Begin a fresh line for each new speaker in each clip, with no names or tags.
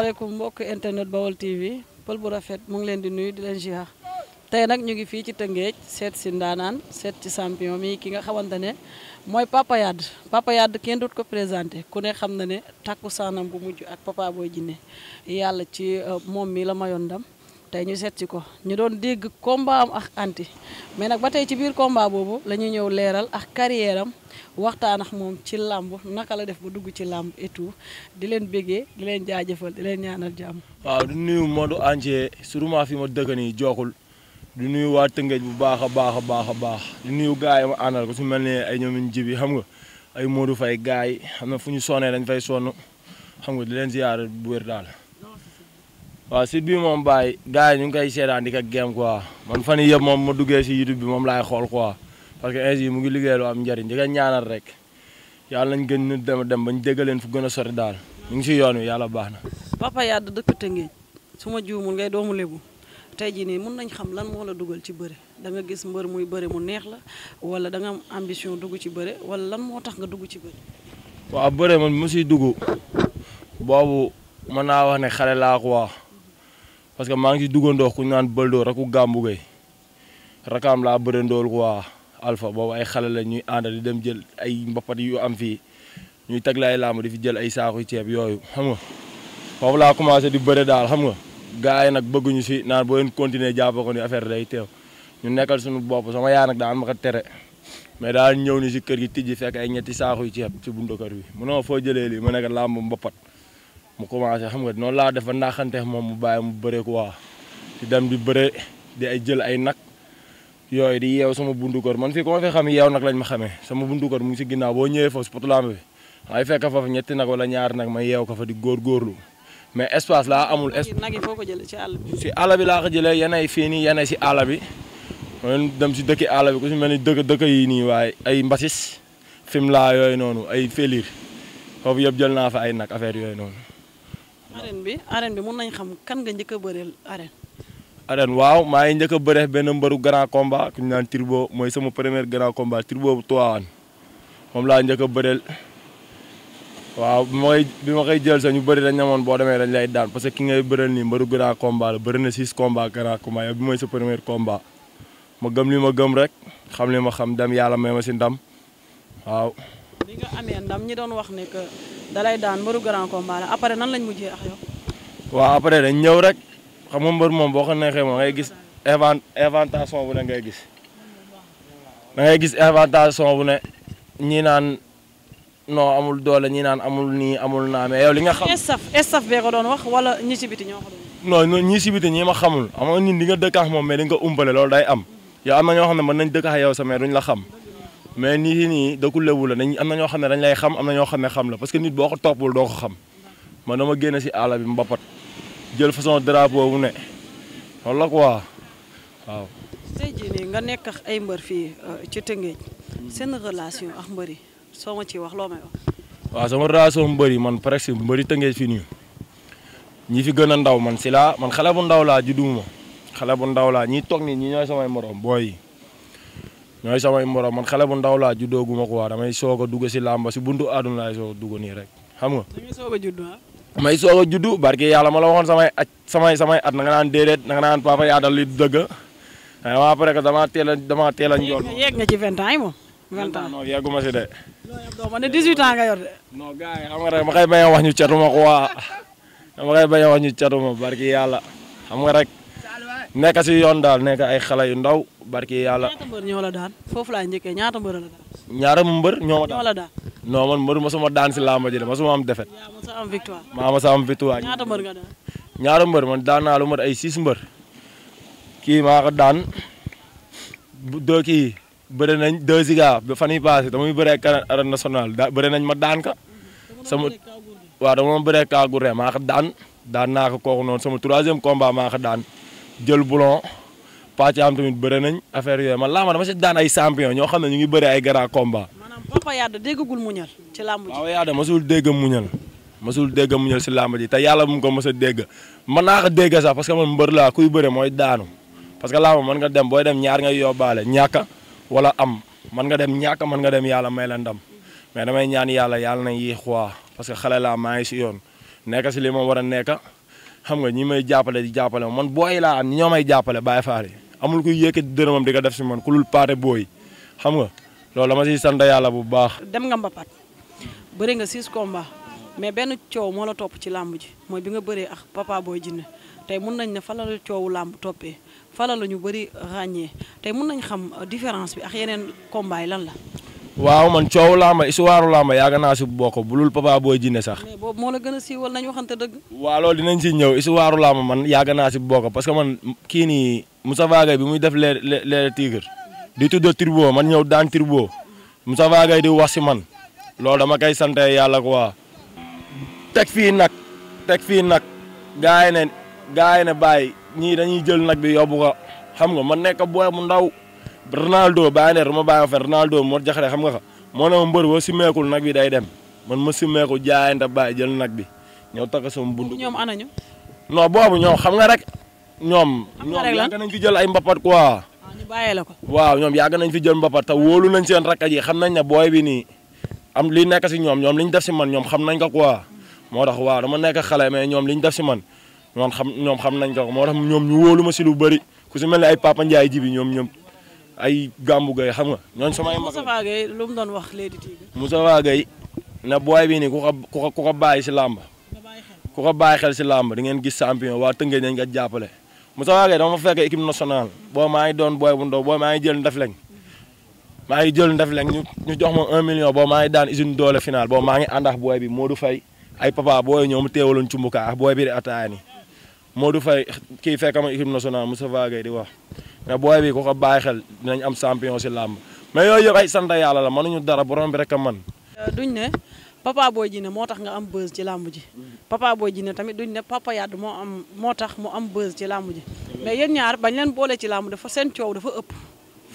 asalaamaaleykum mbokk internet Baol TV pël bu rafet mu ngi leen di nuyu di leen jiha tey nag ñu ngi fii ci Tëngéej seet si ndaanaan seet ci champion mi ki nga xamante ne mooy Papa Yade Papa Yade kenn dut ko présenté ku ne xam na ne takku saanam bu mujj ak Papa Boy Djiné yàlla ci euh, moom mi la mayoon dam tey ñu seet si ko ñu doon dégg combat ak anti mais nag ba tey ci biir combat boobu la ñuy ñëw leeral ak carrière am waxtaan ak moom ci làmb naka la def ba dugg ci làmb et di leen béggee di leen jaajëfal di leen ñaanal jàmm.
waaw du nuyu Modou Antier sûrement fi ma dëkk nii jokkul du nuyu waa Tëngéej bu baax a baax a baax a baax du nuyu gars yi ma àndal ko su mel ne ay ñoomin jibi xam nga ay moodu fay gars yi xam na fu ñu sonnee dañ fay sonn xam nga di leen ziyaar bu wér daal. waaw site bi moom Baye gars yi ñu ngi koy seetaan di ko gem quoi man fan yii yëpp moom ma duggee si YouTube bi moom laay xool quoi parce que ainsi mu ngi liggéey lu am njëriñ di ko ñaanal rek yàlla nañ gën ñu dem dem bañ dégg leen fu gën a sori daal ñu ngi si yoon wi yàlla baax na.
Papa Yade dëkk Tëngéej su ma juumul ngay doomu Lebu tey jii nii mun nañ xam lan moo la dugal ci bëre da nga gis mbër muy bëre mu neex la wala da nga am ambition dugg ci bëre wala lan moo tax nga dugg ci bëre.
waaw bëre man mu siy dugg boobu mën naa wax ne xale laa ko wax parce que maa ngi duggandoo ku ñu naan Baldo raku gàmbu gay am laa bërandool waa Alpha boobu ay xale la ñuy àndal di dem jël ay mbapat yu am fii ñuy teg laay làmb di fi jël ay saaku ceeb yooyu xam nga foofu laa commencé di bëre daal xam nga gars yi nag bëgguñu si naan boo leen continuer jàppoo ko ni affaire day teew ñu nekkal suñu bopp sama yaa nag daan ma tere mais daal ñëw ni si kër gi tijji fekk ay ñetti saaku ceeb si buntu kër bi munoo foo jëlee lii mu nekk làmb mbapat mu commencé xam nga noonu laa def ba naaxanteex moom mu bàyyi mu bëre quoi di dem di bëre di ay jël ay nag yooyu di yeew sama buntu koor man fii ku ma fi xam yeew nag lañ ma xamee sama buntu kër mu ngi si ginnaaw boo ñëwee foofu si potulaam bi ay fekk fa ñetti nag ñaar nag ma yeew ko fa di góorgóorlu mais espace laa amul. nag
yi foo ko jëlee ci
àll bi. laa ko jëlee yenay fii nii yenay si àll bi man dem si dëkki àll bi ku si mel ni dëkk dëkk yi nii waaye ay mbasis fim laa yooyu noonu ay félir foofu yëpp jël naa fa ay nag affaire yooyu noonu.
arène bi arène bi mun nañ xam kan nga njëkk bëreel arène.
arène waaw maa ngi njëkk a bëree benn mbëru grand combat ku ñu naan Turbo mooy sama premier grand combat Turbo bu Tivaouane moom laa njëkk a bëreel waaw bi ma koy bi ma koy jël sa ñu bëri dañ ñamoon boo demee dañ lay daan parce ki ngay bëreel nii mbëru grand combat la bëri na six combat grand combat yow bi mooy sa premier combat ma gëm li ma gëm rek xam li ma xam dem yàlla may ma si ndam waaw.
bi nga amee ndam ñi doon wax ne dalay daan mbëru grand combat la après nan lañ mujjee ak yow.
waaw après dañ ñëw rek xam nga mbër moom boo ko neexee moom ngay gis inventation bu ne ngay gis da ngay gis inventation bu ne ñii naan non amul doole ñii naan amul nii amul naa mais yow li nga. xam estaf estaf bee ko doon wax wala ñi ci biti ñoo si biti ñii ma xamul amoon ñun di nga dëkkax moom mais dañ ko umpale loolu day am yow am na ñoo xam ne mën nañ dëkkax yow sa mais duñ la xam. mais nii nii dëkkul lewu la dañ am na ñoo xam ne dañ lay xam am na ñoo xam ne xam la parce que nit boo ko toppul doo ko xam man dama génn si àll bi mbapat jël façon drapeau bu ne wala quoi waaw. tey
nekk ay mbër fii euh, ci Tëngéej seen relation ak mbër yi soo ma ciy wax loo
sama relation mbër yi man presque mbëri Tëngéej fii nii ñi fi gën a ndaw man si laa man xale bu ndaw laa ma xale bu ndaw laa ñi toog nii ñi ñooy samay morom booy yi ñooy samay morom man xale bu ndaw laa juddooguma ko waa damay soog a dugg si làmba si buntu àdduna laay soog a dugg nii rek xam nga. damay
soog a juddu ah.
may soog a juddu barke yàlla ma la waxoon samay at samay samay at na naan déedéet naan papa yaa dëgg waaw a a njool.
yegg nga ci vingt ans yi moom. vingt de. doo ma ne dix huit ans nga yor de. non
gars yi xam nga rek wax ñu a wax ñu barki yàlla xam nga rek nekk si yoon daal nekk ay xale yu ndaw barki yàlla. ñaata
mbër ñoo la daan foofu laa njëkkee ñaata mbër daan.
ñaara mbër ñoo ma daan sama daan si ma sama am defet. yaa
ma sa am maa ma victoire.
ñaata mbër man daan naa lu mat ay six mbër kii maa ko daan bu doo kii bëri nañ deux ziga ba fan yii passé dama bëree kan arène nationale da nañ ma daan ka sama waaw dama bëree daan naa ko kooku noonu sama troisième combat maa daan. jël boulon pàcc am tamit bëre nañ affaire yooyu man laama dama si daan ay champion ñoo xam ne ñu ngi bëre ay grand combat. maanaam
Papa Yade déggagul muñal ci làmb ji. waaw
Yade masul dégg muñal masul dégg muñal si làmb ji a dégg mën naa ko dégg sax kuy bëre mooy daanu parce que laama mën nga dem booy dem ñaar nga yóbbaale ñàkk wala am mën nga dem ñàkk mën nga dem yàlla may la ndam mais damay ñaan yàlla yàlla na yéex waa parce que xale laa maa ngi si yoon nekk si xam nga ñi may jàppale di jàppale man booy laa am ñoo may jàppale Baye Fall yi amul kuy yëkkati dërëmam di ko def si man ku lul paate booy xam nga loolu dama siy sant yàlla bu baax.
dem nga mbapat bëri nga six combats mais benn coow moo la topp ci làmb ji mooy bi nga bëree ak papa booy jinne tey mun nañ ne fala la coowu làmb toppee fala la ñu bëri ràññee tey mun nañ xam euh, différence bi ak yeneen combats lan la.
waaw man coow làmba isuwaaru laama yàgg naa boko bokk bulul Papa Boy Djiné sax. mais
boobu moo la gën a siiwal nañu waxante dëgg. waaw
loolu dinañ si ñëw isuwaaru làmba man yàgg naa si bokk parce que man kii nii Moussa Vagay bi muy def les les tigre di tudd turbo man ñëw daan turbo Moussa Vagay di wax si man loolu dama koy sant yàlla quoi. teg fii nag teg fii nag gars yi ne gars yi ne bàyyi ñii dañuy jël nag bi yóbbu ko xam nga man nekk booy mu ndaw. Ronaldo bàyyi ne ma bàyyi ma fenn Ronaldo moo jaxle xam nga moo ne ma mbër boo nag bi day dem man ma simmeeku jaayante bàyyi jël nag bi ñëw takk sama bundu. ñoom ana ñu. non boobu ñoom xam nga rek. ñoom ñoom yàgg nañ fi jël ay mbapat quoi. Ah, ñu bàyyee la ko. waaw ñoom yàgg nañ fi jël mbapat te wóolu nañ seen rakk yi xam nañ ne booy bi nii am li nekk si ñoom ñoom li ñu def si man ñoom xam nañ ko quoi. moo tax waaw dama nekk xale mais ñoom li ñu def si man ñoom xam ñoom xam nañ ko moo tax ñoom ñu wóolu ma si lu bëri ku si mel ne ay Papa Ndiaye ji bi ñoom ñoom ay Gambu Gueye xam nga ñooñ samay mag
Moustapha Gueye lu mu doon wax
léegi na booy bi nii ku ko ku bàyyi si làmb ko bàyyi xel si làmb di ngeen gis champion waa Tëngéej nañ nga jàppale Moustapha Gueye dama fekk équipe nationale boo maa ngi doon booy bu ndaw boo maa ngi jël ndaf lañ maa ngi jël ndaf lañ ñu ñu jox ma un million boo maa ngi daan usine doole final boo maa ngi àndax booy bi Modou Faye ay papa booy ñoom teewaloon cumbukaa ak booy bi di ataaya ni du Faye kii fekk ma équipe nationale Moustapha Gueye di wax mais booy bi ku ko bàyyi xel dinañ am champion si làmb mais yooyu yëpp ay santa yàlla la mënuñu dara borom bi rek a mën.
Euh, duñ ne Papa Boy Djiné moo tax nga am buzz ci làmb ji Papa Boy Djiné tamit duñ ne Papa Yade moo am moo tax mu am buzz ci làmb ji mais yéen ñaar bañ leen boole ci làmb dafa seen coow dafa ëpp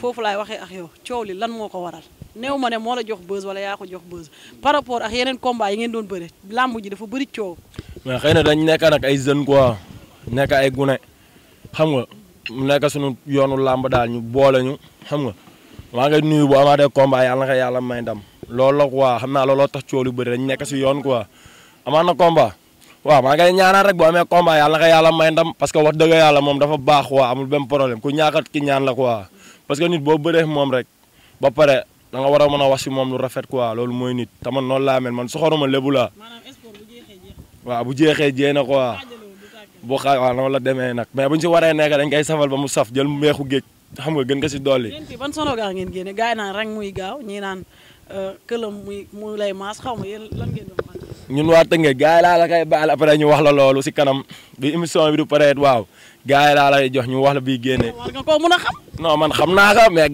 foofu laay waxee ak yow coow li lan moo ko waral néew ma ne moo la jox buzz wala yaa ko jox buzz par rapport ak yeneen combat yi ngeen doon bëre làmb ji dafa bëri coow.
mais xëy na dañ nekk nag ay jeunes quoi nekk ay gune xam nga. mu nekk suñu yoonu làmb daal ñu boole ñu xam nga maa ngay nuyu bu amaatee combat yàlla nga yàlla may ndam loolu la quoi xam naa looloo tax coow lu bëri dañ nekk si yoon quoi amaat na combat waaw maa ngay ñaanal rek bu amee combat yàlla nga yàlla may ndam parce que wax dëgg yàlla moom dafa baax quoi amul benn problème ku ñaakat ki ñaan la quoi parce que nit boo bëree moom rek ba pare da nga war a mën a wax si moom lu rafet quoi loolu mooy nit te man noonu laa mel man soxoruma lébu laa waaw bu jeexee jeex na bu xaar waaw la demee nag mais bu ñu si waree nekk dañ koy safal ba mu saf jël meexu géej xam nga gën nga si dolli. yéen
fii ban sonogaar ngeen génne gars yi naan rang muy gaaw ñii naan euh, këlam muy mu lay maas xaw ma yéen
la la si kanam bi émission bi du pareet waaw gars yi laa lay jox ñu wax la bii génne. war
nga koo mën a xam.
non man xam naa ko mais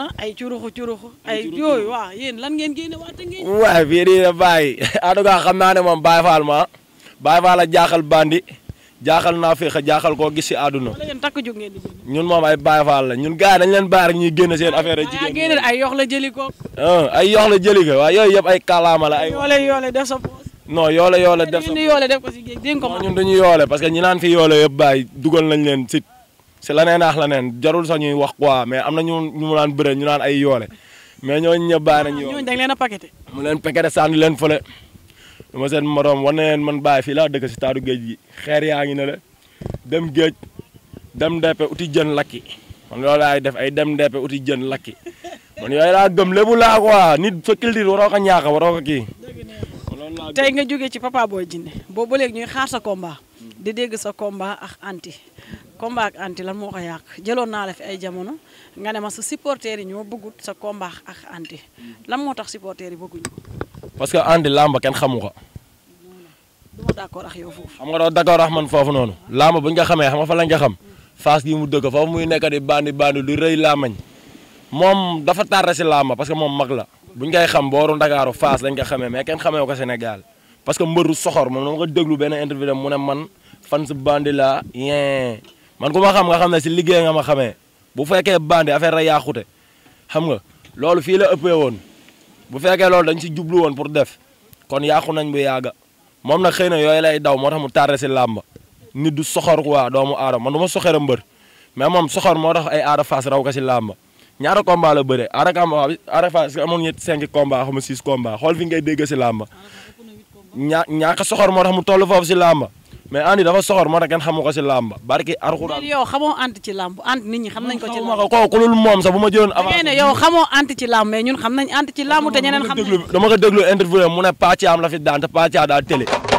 na ay curuxu curuxu ay yooyu waaw yéen waa Tëngéej.
waaw fii di la bàyyi en tout cas xam naa ne moom Baye Fall Baye Fall a jaaxal bandi jaaxal naa féex a jaaxal koo gis si àdduna. ñun moom ay Baye Fall la ñun gars yi dañ leen bàyyi ñuy génn seen affaire
jigéen génn ay yox la jëli ko.
ay la jëli ko yooyu yëpp ay kàllaama la ay. yoole yoole def sa poos. non yoole yoole def sa
yoole def ko si géej
que ñi naan fi yoole yëpp bàyyi dugal nañ leen si si la neen ax la neen ñuy wax quoi mais am na ñu mu naan bëre ñu naan ay yoole mais ñooñu ñëpp bàyyi nañ ah, yoole. ñooñu
dañ leen a paqueté.
leen paqueté dama seen morom wan na man bàyyi fi laa dëkk si taatu géej gi xeer yaa ngi ne la dem géej dem ndeppe uti jën lakki man loolu laay def ay dem ndeppe uti jën lakki man yooyu laa gëm lébu laa quoi nit sa culture waroo ko ñaax waroo ko kii.
tey nga jógee ci Papa Boy Djiné boobu ba léegi ñuy xaar sa komba di dégg sa komba ak anti combat ak anti lan moo ko yàq jëloon naa la fi ay jamono nga ne ma sa supporters yi ñoo bëggut sa komba ak anti lan moo tax supporters yi
parce que andi làmb kenn xamu ko. doo d'accord ak xam nga doo d'accord man foofu noonu. làmb buñ nga xamee xam nga fa lañ nga xam. Fass gi mu dëkk foofu muy nekk di bandi bandi du rëy làmmañ moom dafa tardé si làmb parce que moom mag la buñ koy xam booru Ndakaaru Fass lañ nga xamee mais kenn xamee ko Sénégal parce que mbëru soxor moom dama ko déglu benn interview mu ne man fan si bandi laa yee man ku ma xam nga xam ne si liggéey nga ma xamee bu fekkee bandi affaire la yàqute xam nga loolu fii la ëppee woon. bu fekkee loolu dañ si jublu woon pour def kon yàqu nañ bu yàgga moom nag xëy na yooyu lay daw moo tax mu tardé si làmba nit du soxor waa doomu aadama man du ma soxor a mbër mais moom soxor moo tax ay aada faas raw ko si làmba ñaata combat la bëre aada combat bi aada faas amoon ñett cinq combat xaw six combat xool fi ngay dégg si làmba ñaa ñaaka soxor moo tax mu toll foofu si làmba mais Andy dafa soxor moo tax kenn xamu ko si làmba barki Alxuraan
yow xamoo ant ci làmb ant nit ñi xam nañ ko ci làmb ko ku ma jëloon avant ne yow xamoo nañ ant ci làmb
te ñeneen xam nañ dama ko déglu interview mu ne Pathia am la